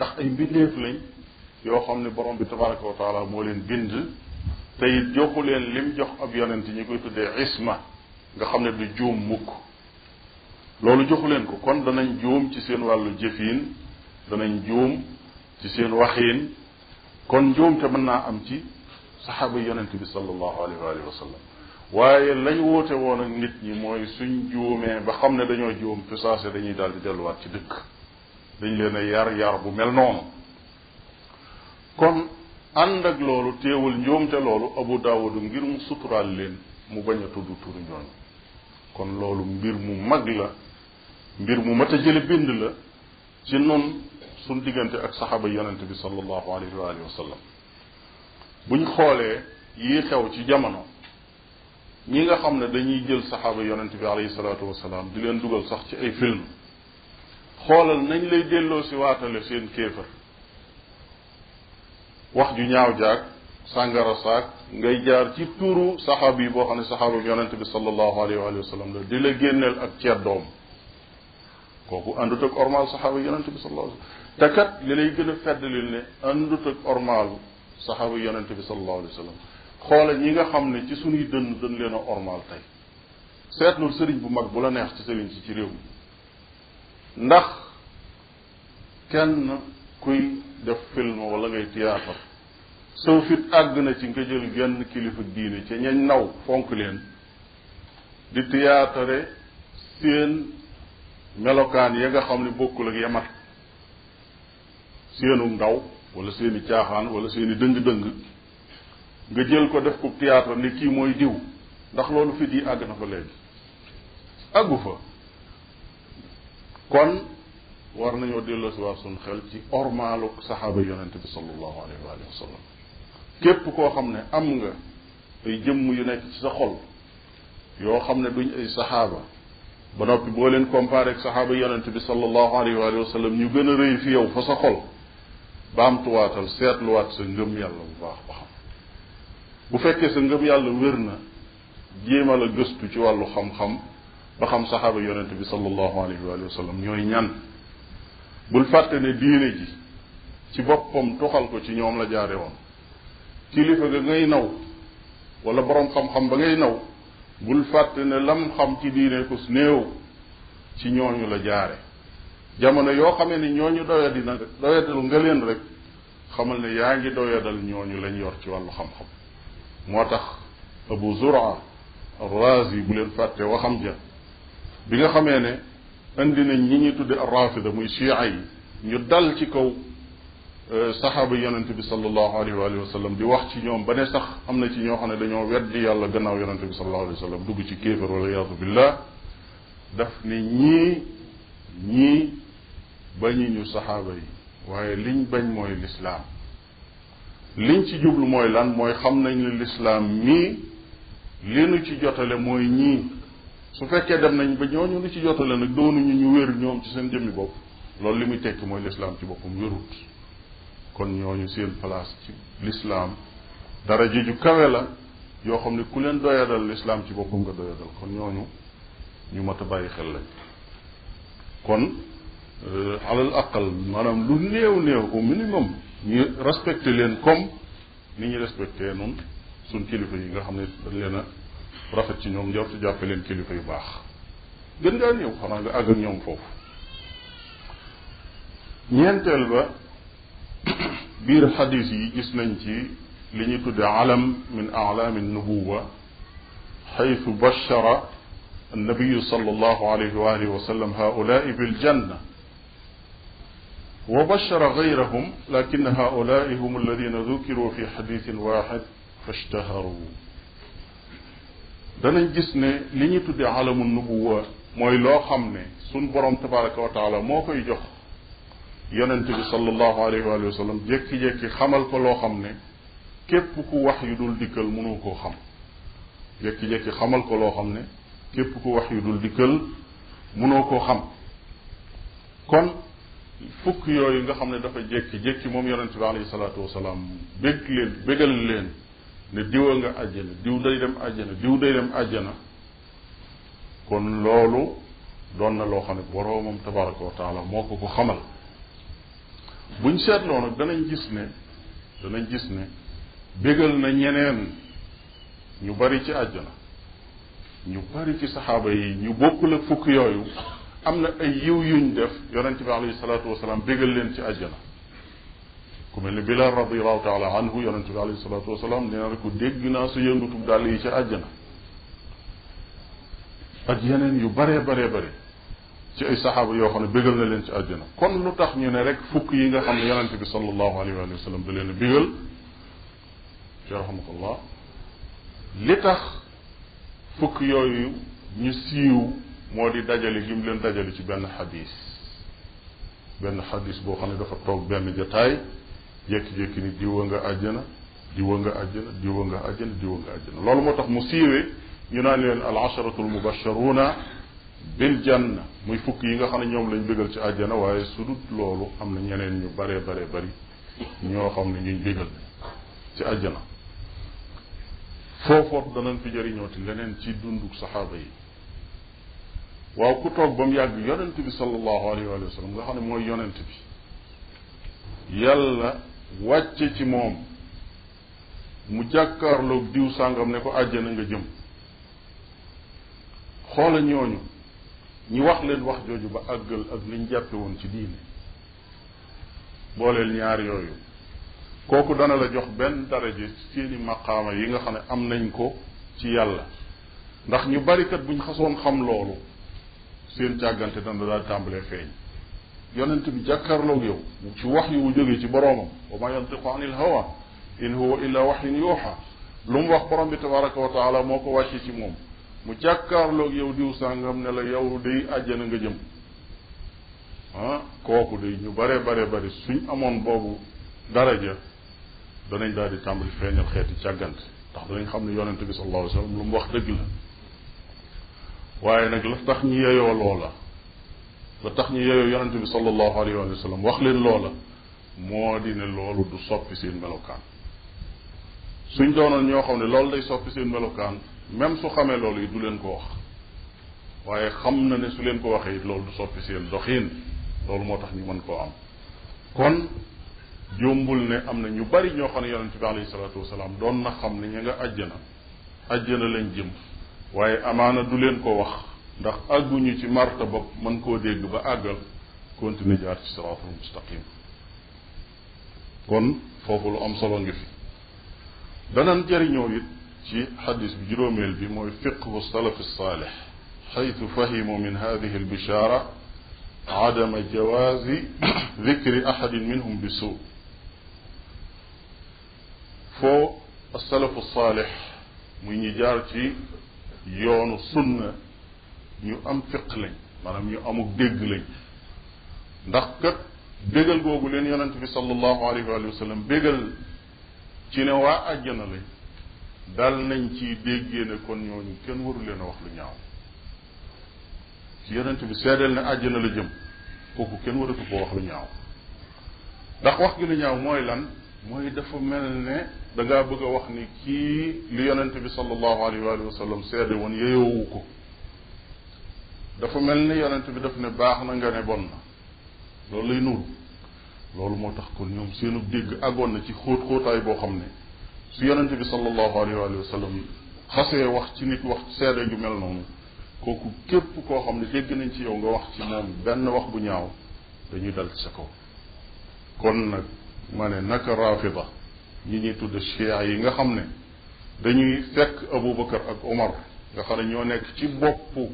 ndax ay mbindeef lañ yoo xam ne borom bi tabaraka wa taala moo leen bind te it leen lim jox ab yonent ñi koy tuddee isma nga xam ne du juum mukk loolu joxu leen ko kon danañ juum ci seen wàllu jëfiin danañ juum ci seen waxiin kon juum te mën naa am ci saxaaba yonent bi sallallahu alayhi wa alihi waaye lañ woote woon ak nit ñi mooy suñ juumee ba xam ne dañoo juum fi saase dañuy daal di delluwaat ci dëkk dañ leen a yar yar bu mel noonu kon ànd ak loolu teewul njuumte loolu abu daawud ngir mu suturaal leen mu bañ a tudd turu ñooñu kon loolu mbir mu mag la mbir mu mat a jële bind la ci nun suñ diggante ak saxaaba yonente bi sallallahu alayhi wa alihi wa buñ xoolee yii xew ci jamono ñi nga xam ne dañuy jël saxaaba yonente bi alayhi salaatu wasalaam di leen dugal sax ci ay film xoolal nañ lay delloo si waatale seen kéefër wax ju ñaaw jaag sàngara saak ngay jaar ci turu saxaab yi boo xam ne saxaabu yonente bi sallallahu alayhi wa sallam di la génneel ak ceddoom ak ormal saxaaba yonente bi sallallahu alayhi wa sallam te kat li lay gën a feddalil ne àndut ak ormal saxaaba yonente bi sallallahu alayhi wa sallam xoolal ñi nga xam ne ci sunuy dënn dën leen a ormal tey seetlul sëriñ bu mag bu la neex ci sëriñ ci ci réew mi ndax kenn kuy def film wala ngay théâtre soo fit àgg na ci nga jël genn kilifa diine ca ñañ naw fonk leen di théâtre seen melokaan yee nga xam ne bokk ak yamat seenu ndaw walla seeni caaxaan wala seeni dëng-dëng nga jël ko def ko théâtre ni kii mooy diw ndax loolu fit yi àgg na fa léegi àggu fa kon war nañoo delloosiwaat suñu xel ci ormaalu saxaaba yonente bi sallallahu alayhi wa sallam képp koo xam ne am nga ay jëmm yu nekk ci sa xol yoo xam ne duñ ay saxaaba ba noppi boo leen comparé ak saxaaba yonente bi sallallahu alayhi wa ñu gën a rëy fi yow fa sa xol baamtuwaatal seetluwaat sa ngëm yàlla bu baax ba xam bu fekkee sa ngëm yàlla wér na jéemal a gëstu ci wàllu xam-xam ba xam sahaba yonent bi sallallahu alayhi wa sallam ñooy ñan bul fàtte ne diine ji ci boppam tuxal ko ci ñoom la jaare woon kilifa ga ngay naw wala borom xam-xam ba ngay naw bul fàtte ne lam xam ci diine ko néew ci ñooñu la jaare jamono yoo xamee ne ñooñu doyadi na doyadal nga leen rek xamal ne yaa ngi doyadal ñooñu lañ yor ci wàllu xam-xam moo tax abu zura razi bu leen fàtte waxam ja bi nga xamee ne indi nañ ñi ñuy tudde rafida muy chia yi ñu dal ci kaw euh, saxaaba yonente bi sallallahu alayhi wa alihi di wax ci ñoom ba ne sax am na ci ñoo xam ne dañoo weddi yàlla gannaaw yonente bi sallallahu alayhi wa dugg ci kéefar wala yaatu billah daf ne ñii ñii bañu ñu saxaaba yi waaye liñ bañ mooy lislaam liñ ci jublu mooy lan mooy xam nañ ne lislaam mii li nu ci jotale mooy ñii su fekkee dem nañ ba ñooñu li ci jotale nag doonuñu ñu wér ñoom ci seen jëmmi bopp loolu li muy tekki mooy lislaam ci boppam wérut kon ñu seen place ci lislaam dara ji ju kawe la yoo xam ne ku leen doyadal lislaam ci boppam nga doyadal kon ñoo ñu ñu a bàyyi xel lañ kon euh, alal aqal maanaam lu néew néew au minimum ñu respecté leen comme ni ñu respecté noonu suñ kilifa yi nga xam ne dañ leen a rafet ci ñoom njort jàppe leen kilifa yu baax gën ngaa ñëw xanaa nga àgg ak ñoom foofu ñeenteel ba biir xadis yi gis nañ ci li ñu tudde alam min alaami nubuwa xaytu bashara النبي صلى الله عليه وآله وسلم هؤلاء بالجنة وبشر غيرهم لكن هؤلاء هم الذين ذكروا في حديث واحد فاشتهروا danañ gis ne li ñuy tuddee alamu nubuwa mooy loo xam ne suñ borom tabaraka wa moo koy jox yonent bi sallallahu alayhi wa sallam jékki-jékki xamal ko loo xam ne képp ku wax yu dul dikkal mënoo koo xam jékki-jékki xamal ko loo xam ne képp ku wax dul dikkal mënoo koo xam kon fukk yooyu nga xam ne dafa jékki-jékki moom yonent bi alayhi salaat wasalaam bég leen bégal leen ne diwa nga àjjana diw day dem àjjana diw day dem àjjana kon loolu doon na loo xam ne boroomam tabaraka wa taala moo ko ko xamal buñ seetloo nag danañ gis ne danañ gis ne bégal na ñeneen ñu bari ci àjjana ñu bari ci saxaaba yi ñu bokkul ak fukk yooyu am na ay yiw yuñ def yonent bi alayhi salaatu wasalaam bégal leen ci àjjana ku mel ni bilal radiallahu taala anhu yonente bi alayhi salatu wasalaam nee na ko dégg naa sa yëngatub dàll yi ca àjjana ak yeneen yu bare bare bare ci ay saxaaba yoo xam ne bégal na leen ci àjjana kon lu tax ñu ne rek fukk yi nga xam ne yonente bi salallahu alayhi wa sallam da leen a bégal yarhamukallah li tax fukk yooyu ñu siiw moo di dajale gi mu leen dajale ci benn xadis benn xadis boo xam ne dafa toog benn jataay jékki-jékki ni diwa nga àjjana diwa nga àjjana diwa nga àjjana diwa nga àjjana loolu moo tax mu siiwee ñu naan leen al asharatu al mubasharuna bil janna muy fukk yi nga xam ne ñoom lañ bégal ci àjjana waaye su dut loolu am na ñeneen ñu baree baree bari ñoo xam ne ñuy bégal ci àjjana foofoot danañ fi leneen ci dunduk saxaaba yi waaw ku toog ba mu yàgg yonent bi sallallahu alayhi wa sallam nga xam ne mooy yonent bi yàlla wàcce ci moom mu jàkkaarloog diw sàngam ne ko àjjana nga jëm xoola ñooñu ñi wax leen wax jooju ba àggal ak liñ jàppe woon ci diine booleel ñaar yooyu kooku dana la jox benn daraje ci seeni maqaama yi nga xam ne am nañ ko ci yàlla ndax ñu barikat buñ xasoon xam loolu seen càggante dana daal tàmbalee feeñ yonent bi jàkkaarloog yow ci wax yu mu jógee ci boroomam wa ma yantiqu anil hawa in huwa illa waxyun yuuxa lu mu wax borom bi tabaraka wa taala moo ko wàcce ci moom mu jàkkaarloog yow diw sàngam ne la yow day àjjana nga jëm ah kooku day ñu bare bare bari suñ amoon boobu daraja danañ daal di tàmbali feeñal xeeti càggante ndax danañ xam ne yonente bi sallallahu alayhi wa sallam lu mu wax dëgg la waaye nag la ñu yeyoo loola ba tax ñu yoyoo yonente bi salallahu alayhi wa sallam wax leen loola moo di ne loolu du soppi seen melokaan suñ doonoon ñoo xam ne loolu day soppi seen melokaan même su xamee loolu yi du leen ko wax waaye xam na ne su leen ko waxee it loolu du soppi seen doxiin loolu moo tax ñu mën koo am kon jumbul ne am na ñu bari ñoo xam ne yonente bi alayhi salatu wasalaam doon na xam ne ña nga àjjana àjjana lañ jëm waaye amaana du leen ko wax ndax àgguñu ci marta bopp mën koo dégg ba àggal continue jaar ci sirat al mustaqim kon foofu lu am solo ngi fi danan jariñoo it ci xadis bi juróomeel bi mooy fiqhu salaf saalix xaytu fahimu min hadihi albishara عدم جواز ذكر أحد منهم بسوء فو السلف الصالح من يجارتي يون السنة ñu am fiq lañ maanaam ñu amuk dégg lañ ndax kat bégal googu leen yonent bi sallallahu alayhi wa sallam bégal ci ne waa àjjana lañ dal nañ ci déggee ne kon ñooñu kenn waru leen a wax lu ñaaw yonent bi seedeel ne àjjana la jëm kooku kenn waratu ko wax lu ñaaw ndax wax gi lu ñaaw mooy lan mooy dafa mel ne danga bëgg a wax ni kii li yonent bi sallallahu alayhi wa sallam seede woon yeyowu ko dafa mel ni yonent bi daf ne baax na nga ne bon na loolu lay nuru loolu moo tax kon ñoom seenu dégg agoon na ci xóot xóotaay boo xam ne su yonent bi sallallahu alayhi wa sallam xasee wax ci nit wax seede ju mel noonu kooku képp koo xam ne dégg nañ ci yow nga wax ci moom benn wax bu ñaaw dañuy dal seko kon nag ma ne naka rafida ñi ñuy tudd chia yi nga xam ne dañuy fekk Aboubacar ak Omar nga xam ne ñoo nekk ci boppu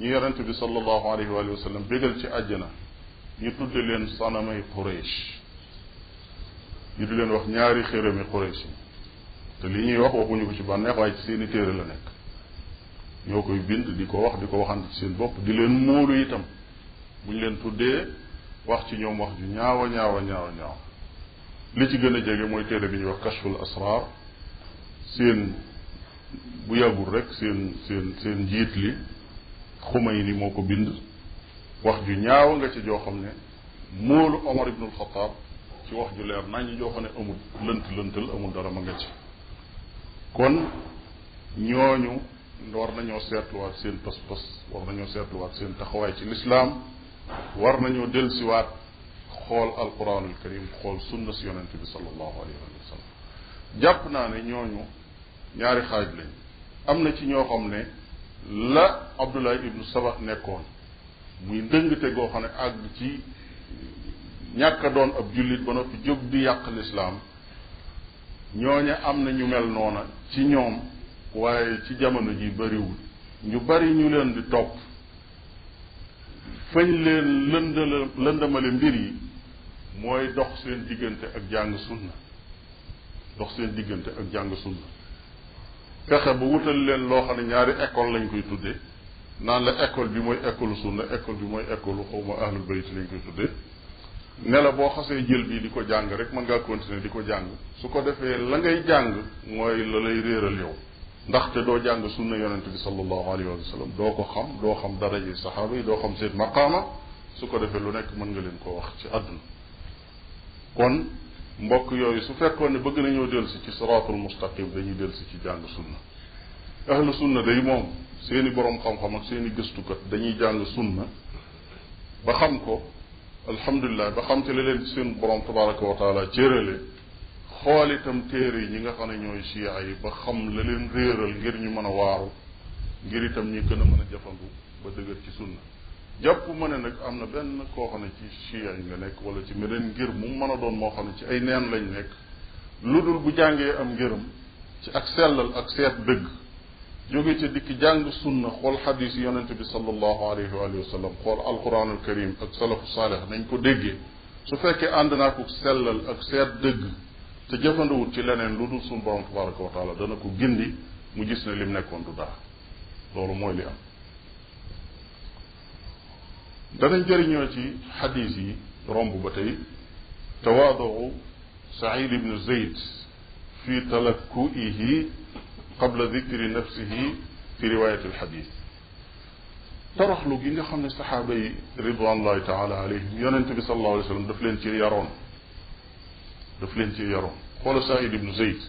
ñu yonente bi sallallahu alayhi wa sallam bégal ci àjjana ñu tudde leen sanamay Quraysh ñu di leen wax ñaari xërami Quraysh yi te li ñuy wax waxuñu ko ci bànneex waaye ci seen téere la nekk ñoo koy bind di ko wax di ko waxante ci seen bopp di leen móolu itam bu ñu leen tuddee wax ci ñoom wax ju ñaawa ñaawa ñaawa li ci gën a jege mooy téere bi ñuy wax kashful asrar seen bu yàggul rek seen seen seen njiit li ni moo ko bind wax ju ñaaw nga ci joo xam ne moolu Omar ibnul Xataab ci wax ju leer nañ ñu joo xam ne amul lënt lëntal amul dara ma nga ci kon ñooñu war nañoo seetluwaat seen pas-pas war nañoo seetluwaat seen taxawaay ci lislaam war nañoo dellusiwaat xool alquranul karim xool sunna si yonente bi sallallahu alayhi wa sallam jàpp naa ne ñooñu ñaari xaaj lañ am na ci ñoo xam ne la Abdoulaye ibnu Saba nekkoon muy ndëngte goo xam ne àgg ci ñàkk a doon ab jullit ba noppi jóg di yàq lislaam ñooña am na ñu mel noona ci ñoom waaye ci jamono ji bariwul ñu bari ñu leen di topp fañ leen lëndamale mbir yi mooy dox seen diggante ak jàng sunna dox seen diggante ak jàng sunna fexe ba wutal leen loo xam ne ñaari école lañ koy tuddee naan la école bi mooy école sunna école bi mooy école xawma ahlul bayt lañ koy tuddee ne la boo xasee jël bii di ko jàng rek mën ngaa continuer di ko jàng su ko defee la ngay jàng mooy la lay réeral yow ndaxte doo jàng sunna yonent bi salallahu alayhi wa sallam doo ko xam doo xam dara yi saxaaba yi doo xam seen maqaama su ko defee lu nekk mën nga leen ko wax ci àdduna kon mbokk yooyu su fekkoon ne bëgg nañoo dellu si ci siraatul mustaqim dañuy dellu si ci jàng sunna ahlu sunna day moom seeni borom xam-xam ak seeni gëstukat dañuy jàng sunna ba xam ko alhamdulilah ba xam te la leen ci seen borom tabaraka wa taala cérale xool itam téere yi ñi nga xam ne ñooy chia yi ba xam la leen réeral ngir ñu mën a waaru ngir itam ñi gën a mën ba dëgër ci sunna jàpp ma ne nag am na benn koo xam ne ci chia nga nekk wala ci meneen ngir mu mën doon moo xam ne ci ay neen lañu nekk lu dul bu jàngee am ngërëm ci ak sellal ak seet dëgg jóge ci dikk jàng sunna xool xadis yi yonente bi sallallahu alayhi wa alihi wa sallam xool alquranul karim ak su fekkee ànd naa ko sellal ak seet dëgg te jëfandawut ci leneen lu dul suñu borom tabaraka wa taala dana ko gindi mu gis na lim nekkoon du dara loolu mooy li am danañ jëriñoo ci xadis yi romb ba tey tawaaduu saïd ibnu zayd fi talakkuihi qabla dicri nafsihi fi riwayat alxadis toroxlu gi nga xam ne saxaaba yi ridwanullahi taala alayhim yonente bi salallahu alai sallam daf leen ci yaroon daf leen ci yaroon xoola saïd ibnu zayd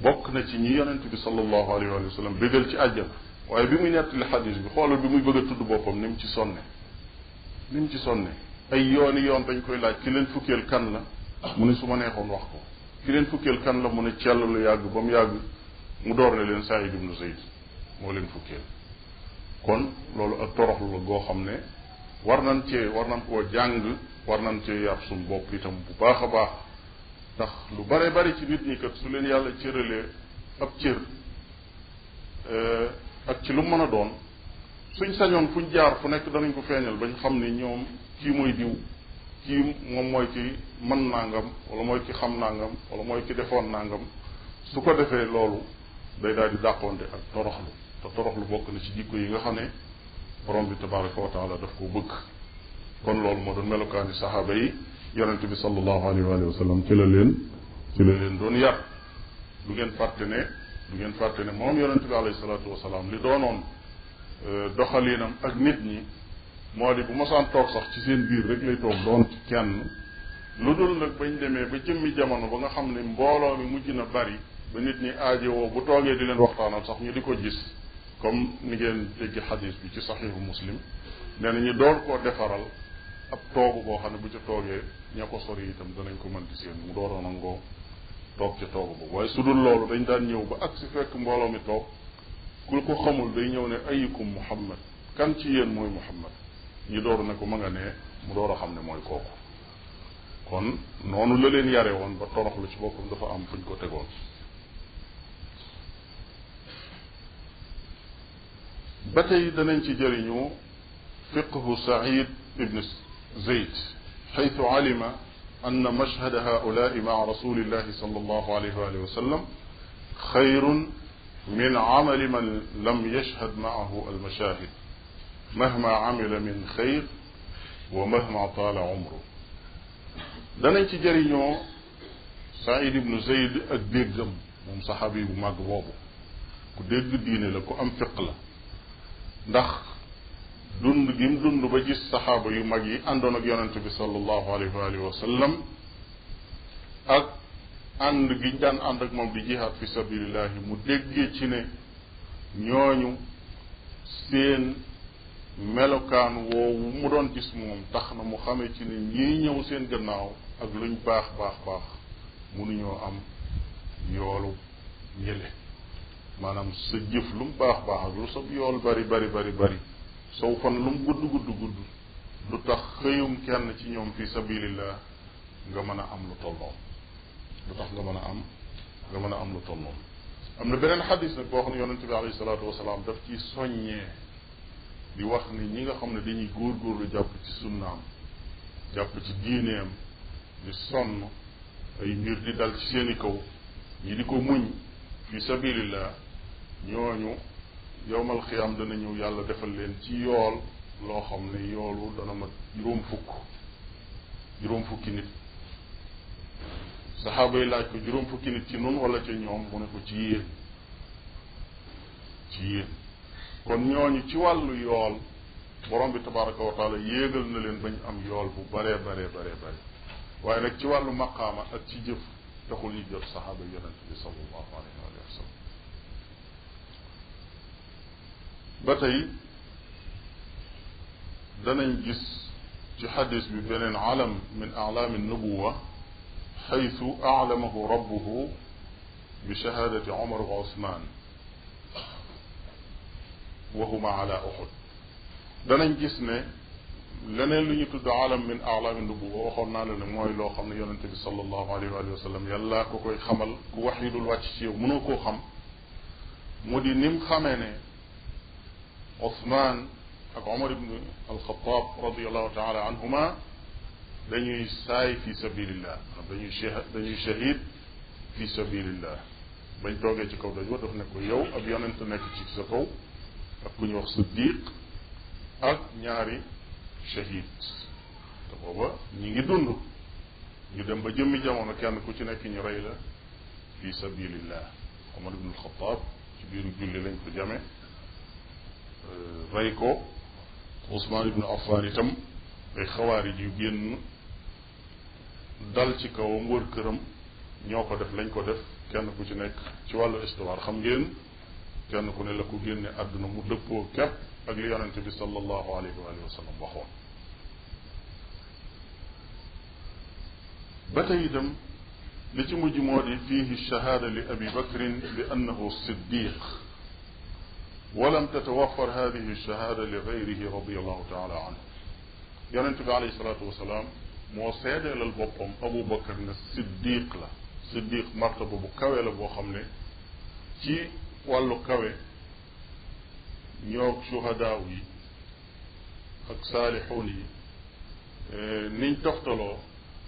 bokk na ci ñi yonente bi salallahu alayhi wa sallam bégal ci àjjana waaye bi muy nettali xadis bi xoolal bi muy bëgg a tudd boppam ni mu ci sonne ni mu ci sonne ay yoon yoon dañ koy laaj ki leen fukkeel kan la mu ne su ma neexoon wax ko ki leen fukkeel kan la mu ne cell lu yàgg ba mu yàgg mu door ne leen Saïd ibnu Zayd moo leen fukkeel kon loolu ak toroxlu la goo xam ne war nañ cee war nañ koo jàng war nañ cee yar suñu bopp itam bu baax a baax ndax lu bare bari ci nit ñi kat su leen yàlla cëralee ab cër euh, ak ci lu mën a doon suñ sañoon fuñ jaar fu nekk danañ ko feeñal ñu xam ne ñoom kii mooy diw kii moom mooy ki mën nangam wala mooy ci xam nangam wala mooy ci defoon nangam su ko defee loolu day daal di dàqoonte ak toroxlu te toroxlu bokk na ci jikko yi nga xam ne borom bi tabaraka wa taala daf koo bëgg kon loolu moo doon melokaani saxaaba yi yonent bi sallallahu alayhi wa sallam ci la leen ci la leen doon yar du ngeen fàtte ne du ngeen fàtte ne moom yonent bi alayhi salaam li doonoon Euh, doxalinam ak nit ñi moo di bu masaan toog sax ci seen biir rek lay toog doon ci kenn lu dul nag bañ demee ba jëmmi jamono ba nga xam ne mbooloo mi mujj na bari ba nit ñi aajowoo bu toogee di leen waxtaanal sax ñu di ko gis comme ni ngeen dégg xadis bi ci saxiixu muslim nee na ñu door koo defaral ab toogu boo xam ne bu ca toogee ña ko yi itam danañ ko mën di seen mu door nangoo toog ca toogu boobu waaye su dul loolu dañ daan ñëw ba ak si fekk mbooloo mi toog ku ko xamul day ñëw ne ayikum muhammad kan ci yéen mooy muhammad ñi door na ko ma nga ne mu door a xam ne mooy kooku kon noonu la leen yare woon ba torox la ci boppam dafa am fuñ ko tegoon ba tey danañ ci jëriñu fiqhu saïd ibn zayd xaytu alima أن مشهد هؤلاء مع رسول الله صلى الله عليه وآله وسلم خير من عمل من لم يشهد معه المشاهد مهما عمل من خير ومهما طال عمره دانا نتي جارينو سعيد بن زيد الدقم من صحابي بما قبوبه كو دق دين لكو ام فقلا دخ دون بجيم دون بجي الصحابة يمجي اندونك يونان صلى الله عليه وآله وسلم أك ànd gi ñu daan ànd ak moom di jihaad fi sabilillahi mu déggee ci ne ñooñu seen melokaan woowu mu doon gis moom tax na mu xamee ci ne ñii ñëw seen gannaaw ak luñ baax baax baax mënuñoo am yoolu ñële maanaam sa jëf lu mu baax baax ak lu sa yool bari bari bari bari sow fan lu mu gudd gudd gudd du tax xëyum kenn ci ñoom fi sabilillah nga mën a am lu tolloo lu tax nga mën a am nga mën a am lu toll noonu am na beneen xadis nag boo xam ne yonente bi alayhi salaatu wasalaam daf ci soññee di wax ni ñi nga xam ne dañuy góorgóorlu jàpp ci sunnaam jàpp ci diineem di sonn ay mbir di dal ci seen i kaw ñi di ko muñ fi sabilillah ñooñu yowmal xiyam dana ñëw yàlla defal leen ci yool loo xam ne yoolu dana mat juróom fukk juróom fukki nit sahaba yi laaj ko juróom fukki nit ci nun wala ci ñoom mu ne ko ci yéen ci yéen kon ñooñu ci wàllu yool borom bi tabaraka wa taala yéegal na leen bañ am yool bu baree baree baree bare waaye nag ci wàllu maqaama ak ci jëf taxul ñu jot saxaaba yonente bi salallahu alayhi wa sallam ba tey danañ gis ci xadis bi beneen alam min alaami nubuwa حيث أعلمه ربه بشهادة عمر وعثمان وهما على أحد دانا جسنا لنين لن يتد عالم من أعلام النبوة وخرنا لنا موي لو خمنا يننتبه صلى الله عليه وآله وسلم يلا كوكوي خمل كوحيد الواتشي ومنو كو خم مودي نم خميني عثمان أك عمر بن الخطاب رضي الله تعالى عنهما dañuy saay fi sabilillah dañuy dañuy shahid fi sabilillah bañ toogee ci kaw doj wa daf ne ko yow ab yonent nekk ci sa kaw ak ku ñu wax siddiq ak ñaari shahid te booba ñi ngi dund ñu dem ba jëmmi jamono kenn ku ci nekk ñu rey la fi sabilillah omar ibn alxataab ci biiru julli lañ ko jame rey ko ousmane ibn affan itam ay xawaarij yu génn dal ci kaw ngor kërëm ñoo ko def lañ ko def kenn ku ci nekk ci wàllu histoire xam ngeen kenn ku ne la ko génne àdduna mu dëppoo képp ak li yonente bi sallallahu alayhi wa sallam waxoon ba tey itam li ci mujj moo di fiihi shahaada li abi bakrin bi annahu siddiq ولم تتوفر هذه الشهادة لغيره رضي الله تعالى عنه. يعني أنت عليه الصلاة والسلام moo seedeelal boppam abou bakar na siddiq la siddiq martaba bu kawe la boo xam ne ci wàllu kawe ñoog suhadaaw yi ak saalixuun yi niñ toftaloo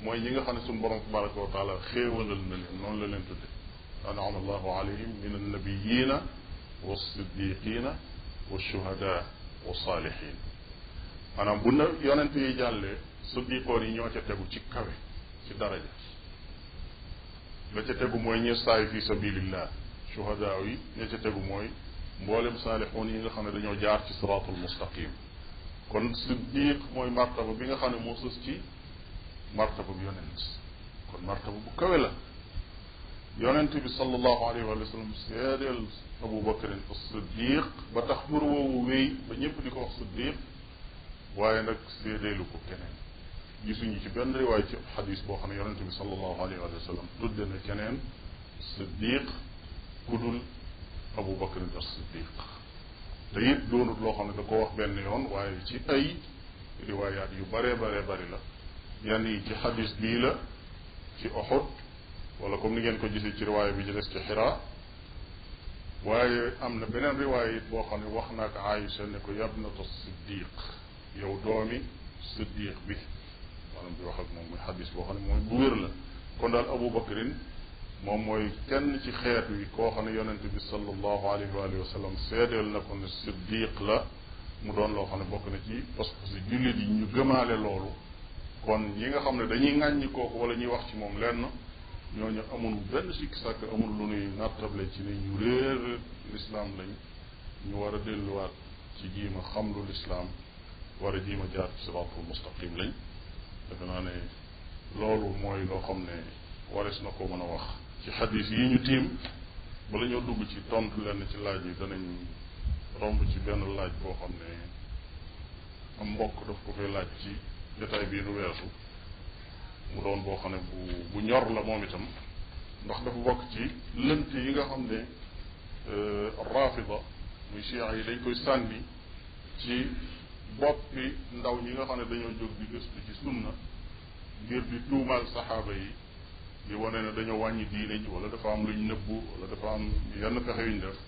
mooy ñi nga xam ne suñ borom tabaraka wa taala xéewalal na leen noonu la leen tudde anam allahu alayhim min annabiyina wa siddiqina wa shuhada wa saalihin maanaam bu na yonent yi jàllee صديقون ينوى تتبو تكاوي في درجة لا تتبو موي نيساي في سبيل الله شهداوي لا تتبو موي مولم صالحون إذا خانا دنيو جار في صراط المستقيم كون صديق موي مرتبة ان خانا موسوس تي مرتبة بيوننس كون مرتبة بكاوي لا يونن تبي صلى الله عليه وسلم سيدل أبو بكر الصديق بتخبره ووي بنيبلي كو صديق وينك سيدل كو كنن جسني كبن رواية حديث بوخنا يرنتمي صلى الله عليه وسلم ردنا كنين صديق كدل أبو بكر الصديق تيب دون لوخنا تقوح بين نيون وعي أي روايات يو باري باري باري لا يعني في حديث بيلا في أحد ولا كم نيجن كو جيسي تي رواية بجلس تي حراء وعي أمن بين رواية بوخنا وخناك عايشة نكو يبنة الصديق يو دومي صديق بيه maanaam di wax ak moom muy xadis boo ne moom bu wér la kon daal Abu Bakrin moom mooy kenn ci xeet wi koo xam ne yonent bi sallallahu alayhi wa alihi wa sallam seedeel na ko ne siddiq la mu doon loo xam ne bokk na ci parce que jullit yi ñu gëmaale loolu kon ñi nga xam ne dañuy ŋàññi kooku wala ñuy wax ci moom lenn ñooñu amul benn sikk sàkk amul lu nuy nattable ci ne ñu réer lislaam lañ ñu war a delluwaat ci jiima xam lu lislaam war a jiima jaar ci siraatul mustaqim defe naa ne loolu mooy loo xam ne wares na ko mën a wax ci xadis yi ñu tiim bala ñoo dugg ci tontu lenn ci laaj yi danañ romb ci benn laaj boo xam ne am mbokk daf ko koy laaj ci jotaay bii nu weesu mu doon boo xam ne bu bu ñor la moom itam ndax dafa bokk ci lënt yi nga xam ne euh, rafida muy chia yi dañ koy sànni ci boppi ndaw ñi nga xam ne dañoo jóg di gëstu ci sunna ngir di tuumaal saxaaba yi di wane ne dañoo wàññi diine ji wala dafa am luñ nëbbu wala dafa am yenn pexe yuñ def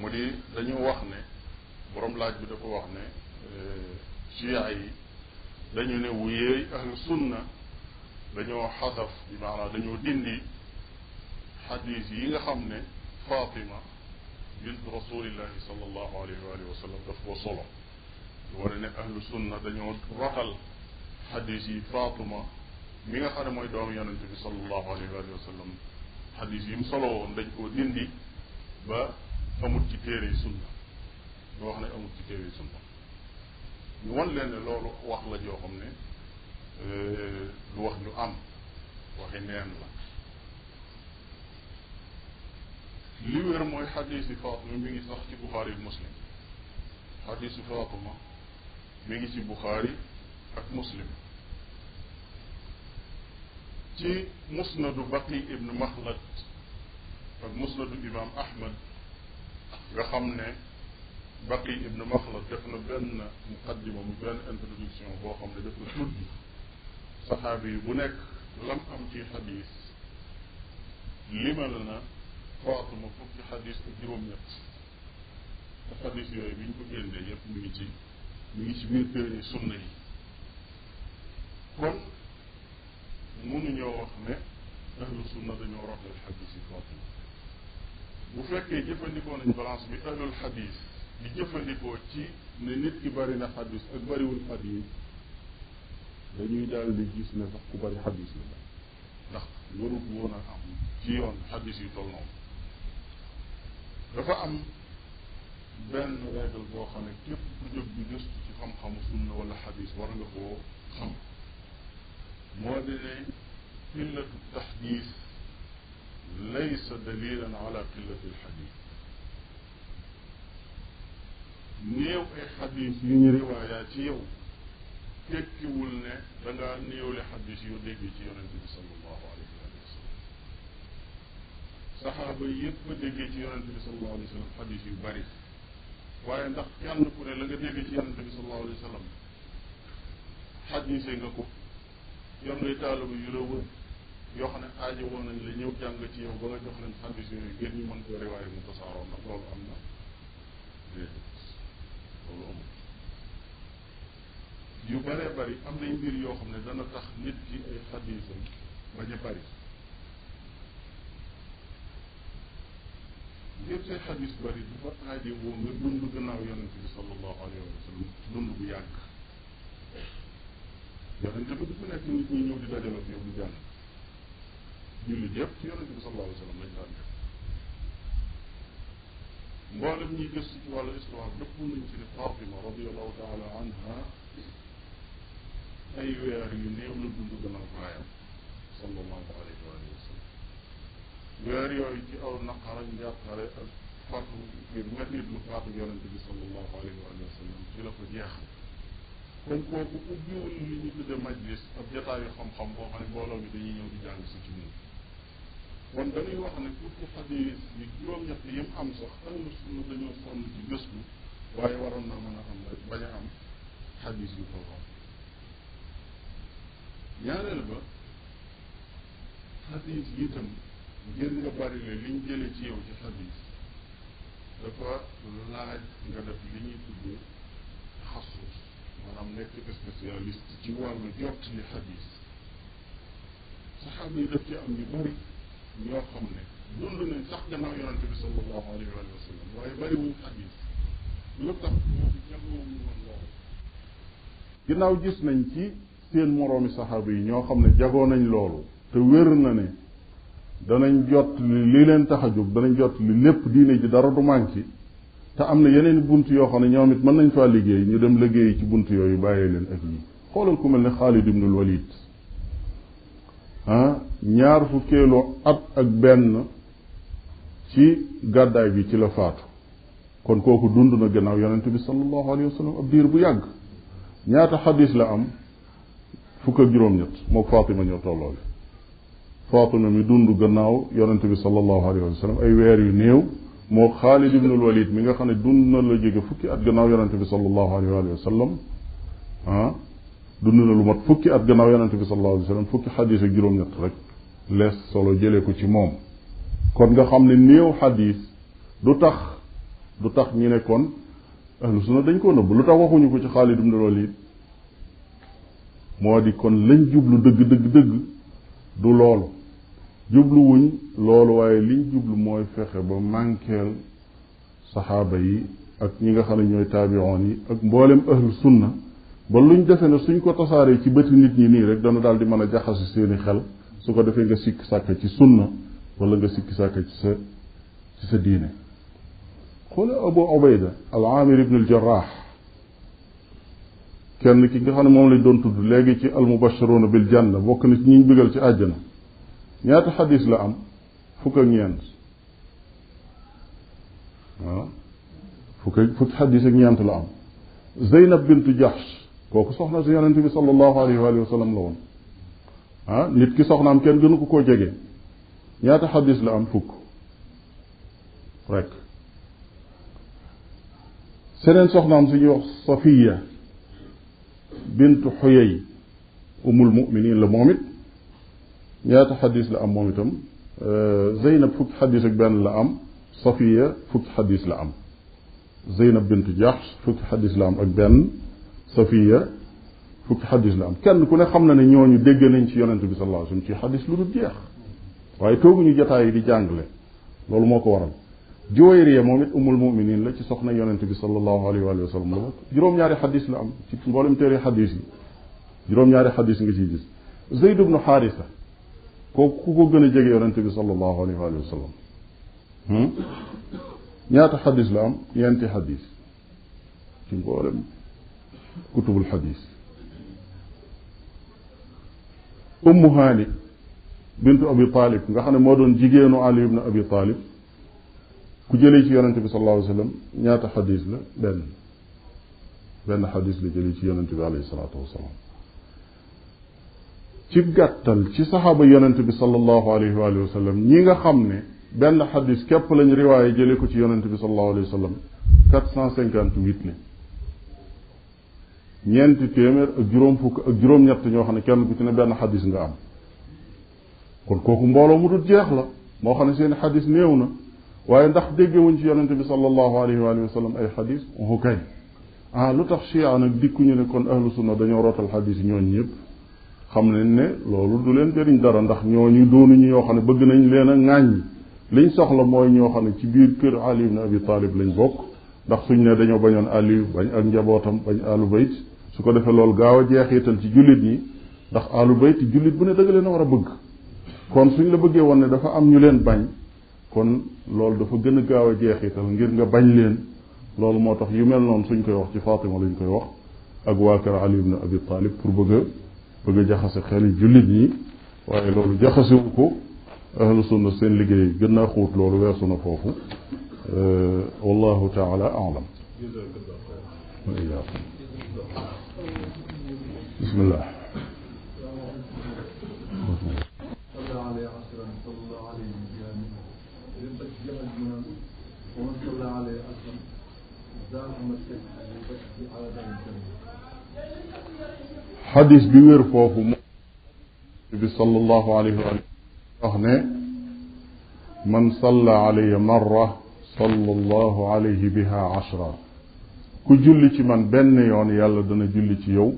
mu di dañoo wax ne borom laaj bi dafa wax ne chia yi dañu ne wuyeey ahlu sunna dañoo xadaf bi maanaam dañoo dindi xadis yi nga xam ne fatima bint rasulillahi sal allahu alayhi wa alihi wa sallam daf ko solo ñu ne ahlu sunna dañoo rotal hadith yi fatuma mi nga xam ne mooy doomu yonente bi salallahu alayhi wa sallam hadith yi mu solo woon dañ koo dindi ba amut ci téere sunna ñu wax ne amut ci téere sunna ñu wan leen ne loolu wax la joo xam ne lu wax ñu am waxi neen la li wér mooy hadith yi fatuma mi ngi sax ci buxaari muslim hadith yi fatuma mi ngi ci buxaari ak muslim ci musnadu baqi ibnu maxlat ak musnadu imam ahmad nga xam ne baqi ibnu maxlat def na benn muqaddima mu benn introduction boo xam ne def na tudd saxaabi yi bu nekk lam am ci xadis limal na faatuma fukki xadis ak juróom-ñett te xadis yooyu bi ñu ko génnee yëpp mu ngi ci mi ngi ci biir téere sunna yi kon mënuñoo wax ne ahlu sunna dañoo rotal xadis yi kaw bu fekkee jëfandikoo nañ balance bi ahlul xadis di jëfandikoo ci ne nit ki bari na xadis ak bariwul xadis dañuy daal gis ne sax ku bari xadis la ndax warut woon a am ci yoon xadis yu toll noonu dafa am benn règle boo xam ne képp ku jóg di gëstu ci xam-xamu sunna wala xadis war nga koo xam moo di ne qillatu taxdis laysa dalilan ala qillati alxadis néew ay xadis yu ñu riwaaya ci yow tekkiwul ne da ngaa néewle xadis yu dégg ci yonent bi salallahu alayhi wa sallam saxaaba yépp a déggee ci yonent bi salallahu alayhi wa sallam xadis yu bari waaye ndax kenn ku ne la nga dégg ci yonente bi sallallahu alayhi wa sallam xadise nga ko yoon ngay taalibu yu la wër yoo xam ne aajo woon nañ la ñëw jàng ci yow ba nga jox leen xadis yooyu ngir ñu mën koo riwaaye mu tasaaroo ndax loolu am na loolu amul yu bëree bëri am nay mbir yoo xam ne dana tax nit ki ay xadisam bañ a bëri yëpp say xadis bëri dafa aajo woo nga dund gannaaw yonent bi sallallahu alayhi wa sallam dund bu yàgg yonent bi dafa nekk nit ñi ñëw di dajale ak yow di jàng jullit yëpp ci yonent bi sallallahu alayhi wa sallam lañ daan def mboolem ñuy gëstu ci wàllu histoire dëpp nañ ci ne Fatima radiallahu taala anha ay weer yu néew la dund gannaaw baayam sallallahu alayhi weer yooyu ci aw naqarañ jàppale ak faatu ngir mel nit lu faatu yonent bi sallallahu alayhi wa sallam ci la ko jeexal kon kooku ubbiwul li ñu tudde majlis ab jataayu xam-xam boo xam ne mbooloo mi dañuy ñëw di jàng si ci ñun kon dañuy wax ne pour que xadis yi juróom-ñett yim am sax ahlu sunna dañoo sonn ci gëstu waaye waroon naa mën a am rek bañ a am xadis yu ko xam ñaareel ba xadis yi tamit ngir nga bari ne li ñu jëlee ci yow ci service dafa laaj nga def li ñuy tuddee xasus maanaam nekk spécialiste ci wàllu jot li xadis saxaaba yi daf ci am ñu bari ñoo xam ne dund nañ sax gannaaw yonent bi sallallahu alayhi wa waaye bari wuñ lu tax ñoom jàngoo ñu loolu ginnaaw gis nañ ci seen moroomi saxaaba yi ñoo xam ne jagoo nañ loolu te wér na ne danañ jot li li leen tax a jóg danañ jot li lépp diine ji dara du manqué te am na yeneen bunt yoo xam ne ñoom it mën nañ faa liggéey ñu dem liggéey ci bunt yooyu bàyyee leen ak yi xoolal ku mel ne Xaalid ibnul Walid ah ñaar fukkeelu at ak benn ci gàddaay bi ci la faatu kon kooku dund na gannaaw yonente bi sallallahu alayhi wa sallam ab diir bu yàgg ñaata xadis la am fukk ak juróom-ñett mook Fatima ñoo tolloo فاطمه مي دوندو غناو يونت بي صلى الله عليه وسلم اي وير نيو مو خالد بن الوليد ميغا خاني دوند نا لا جيغي فوكي ات صلى الله عليه وسلم ها دون نا لو مات فوكي ات غناو يونت صلى الله عليه وسلم فوكي حديث جيروم نيت رك ليس سولو جيلي كو موم كون غا خامني نيو حديث دو تخ دو تخ ني نه كون اهل سنه دنج كو نوب لو تخ واخو نيو كو سي خالد بن الوليد مودي كون لنج جوبلو دغ دغ دغ du loolu jubluwuñ loolu waaye liñ jublu mooy fexe ba manqueel saxaaba yi ak ñi nga xam ne ñooy taabiroon yi ak mboolem ahlu sunna ba luñ defe ne suñ ko tasaaree ci bëti nit ñi nii rek dana daal di mën a jaxasi seeni xel su ko defee nga sikki sàkk ci sunna wala nga sikki sàkk ci sa ci sa diine xoole abu ubayda al amir ibn al jarrah kenn ki nga xam ne moom lañ doon tudd léegi ci al mubasharuna bil janna bokk na ci ñiñ bigal ci àjjana ñaata xadis la am fukk ak ñeent waaw fukk fukk xadis ak ñeent la am zeynab bintu jaxsh kooku soxna si yonente bi sallallahu alayhi wa sallam la woon ah nit ki soxna am kenn gënu ko koo jege ñaata xadis la am fukk rek seneen soxnaam si ñuy wax safiya bintu xuyay umul muminin la moom it ñaata xadis la am moom itam zeynab fukki xadis ak benn la am safiya fukki xadis la am zeynab bint jaxs fukki xadis la am ak benn safiya fukki xadis la am kenn ku ne xam na ne ñooñu dégg nañ ci yonent bi sallallahu alayhi wasallam ci xadis lu dul jeex waaye tooguñu jotaay yi di jàngale loolu moo ko waral juwayriya moom it umul muminin la ci soxna yonent bi sallallahu alayhi wa sallam la bokk juróom-ñaari xadis la am ci mboolem téere xadis yi juróom-ñaari xadis nga ciy gis zeyd ibnu xaarisa kooku ku ko gën a jege yonente bi sallallahu alayhi wa sallam hmm? ñaata xadis la am ñeenti xadis ci mboolem kutubul xadis ummu haani bintu abi talib nga xam ne moo doon jigéenu ali ibn abi talib ku jëlee ci yonente bi sallallahu alayhi wa sallam ñaata xadis la benn benn xadis la jëlee ci yonente bi alayhi salaatu wasalaam ci gàttal ci saxaaba yonent bi sallallahu alayhi wa sallam ñi nga xam ne benn xadis képp lañ riwaaye jële ko ci yonent bi sallallahu alayhi wa sallam 458 ne cinquante huit téeméer ak juróom fukk ak juróom ñett ñoo xam ne kenn ku ci ne benn xadis nga am kon kooku mbooloo mu dut jeex la moo xam ne seen xadis néew na waaye ndax wuñ ci yonent bi sallallahu alayhi wa sallam ay xadis oho kay ah lu tax chia nag ñu ne kon ahlu sunna dañoo rootal xadis yi ñooñ ñëpp xam nañ ne loolu du leen jëriñ dara ndax ñoo ñu ñooñu doonuñu ñoo xam ne bëgg nañ leen a ŋaaññi liñ soxla mooy ñoo xam ne ci biir kër Ali ibn Abi Talib lañ bokk ndax suñ ne dañoo bañoon Ali bañ ak njabootam bañ alu bayt su ko defee loolu gaaw a jeexital ci jullit ñi ndax alu bayt jullit leen war a bëgg kon suñ la bëggee woon ne dafa am ñu leen bañ kon loolu dafa gën a gaaw a jeexital ngir nga bañ leen loolu moo tax yu mel noonu suñ koy wax ci Fatima lañ koy wax ak waa kër Ali ibn Abi pour bëgg bëgg jaxase xeli jullit yi waaye loolu jaxasewu ko ahlu sunna seen liggéey gën naa xóot loolu weesu na foofu wallahu taala alam bismillah xadis bi wér foofu moom bi sallallahu alayhi wa wax ne man salla alayya marra sallallahu alayhi biha ashra ku julli ci man benn yoon yàlla dana julli ci yow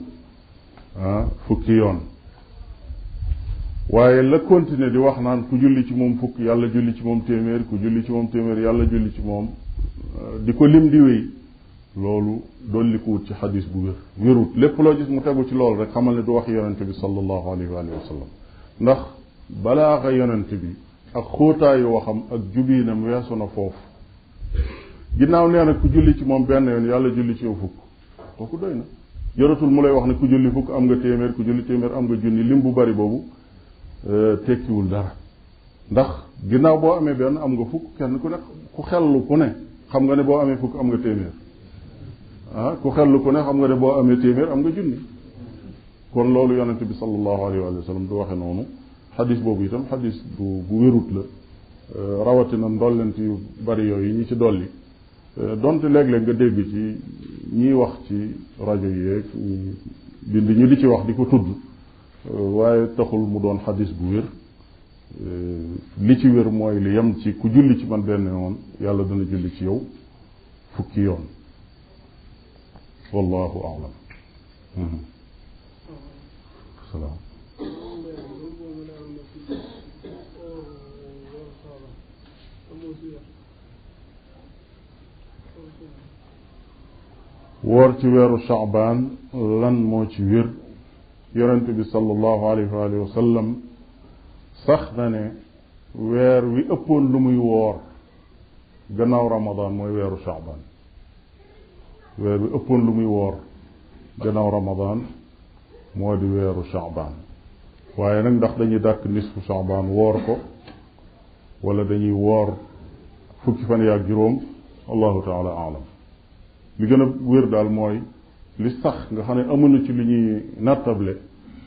ah fukki yoon waaye la continuer di wax naan ku julli ci moom fukk yàlla julli ci moom téeméer ku julli ci moom téeméer yàlla julli ci moom ah, di ko lim di wéy loolu dollikuwut ci xadis bu wér wérut lépp loo gis mu tegu ci loolu rek xamal ne du wax yonente bi sallallahu alayhi wa sallam ndax balaaxa yonente bi ak xóotaayu waxam ak jubiinam weesu na foofu ginnaaw nee nag ku julli ci moom benn yoon yàlla julli ci yow fukk kooku doy na jaratul mu lay wax ne ku julli fukk am nga téeméer ku julli téeméer am nga junni lim bu bari boobu euh, tekkiwul dara ndax ginnaaw boo amee benn am nga fukk kenn ku ne ku xellu ku ne xam ne boo amee fukk am nga téeméer ah ku xellu ku ne xam nga ne boo amee téeméer am nga junni kon loolu yonente bi sallallahu alayhi wa sallam du waxe noonu xadis boobu itam xadis bu bu wérut la eh, rawatina ndollent yu bari yooyu ñi ci dolli eh, donte léeg-léeg nga dégg ci ñiy wax ci rajo yeeg ñi bind ñu di ci wax di ko tudd eh, waaye taxul mu doon xadis bu wér li ci wér mooy li yem ci ku julli ci man benn yoon yàlla dana julli ci yow fukki yoon wallahu alam mhm. salaam woor ci weeru shaabaan lan moo ci wér yonent bi sallallahu alayhi wa alihi wa sallam sax na ne weer wi ëppoon lu muy woor gannaaw ramadaan mooy weeru shaabaan weer bi ëppoon lu muy woor gannaaw ramadan moo di weeru chaban waaye nag ndax dañuy dàkk nisfu chaban woor ko wala dañuy woor fukki fan yaag juróom allahu taala alam li gën a wér daal mooy li sax nga xam ne amuñu ci li ñuy nattable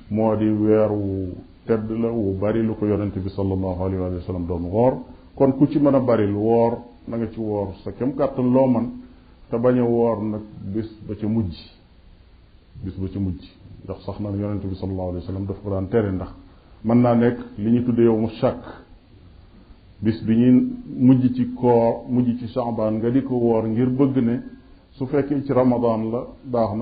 moo di weer wu tedd la wu bari lu ko yonente bi sallallahu alayhi wa sallam doon woor kon ku ci mën a bari lu woor na nga ci woor sa kem kàttan loo man te bañ woor nag bis ba ca mujj bis ba ca mujj ndax sax na yonente bi sallallahu alayhi ko daan tere ndax mën naa nekk li ñu tudde yow mu chàkk bis bi ñuy mujj ci koor mujj ci Shaaban nga di ko woor ngir bëgg ne su fekkee ci Ramadan la baax na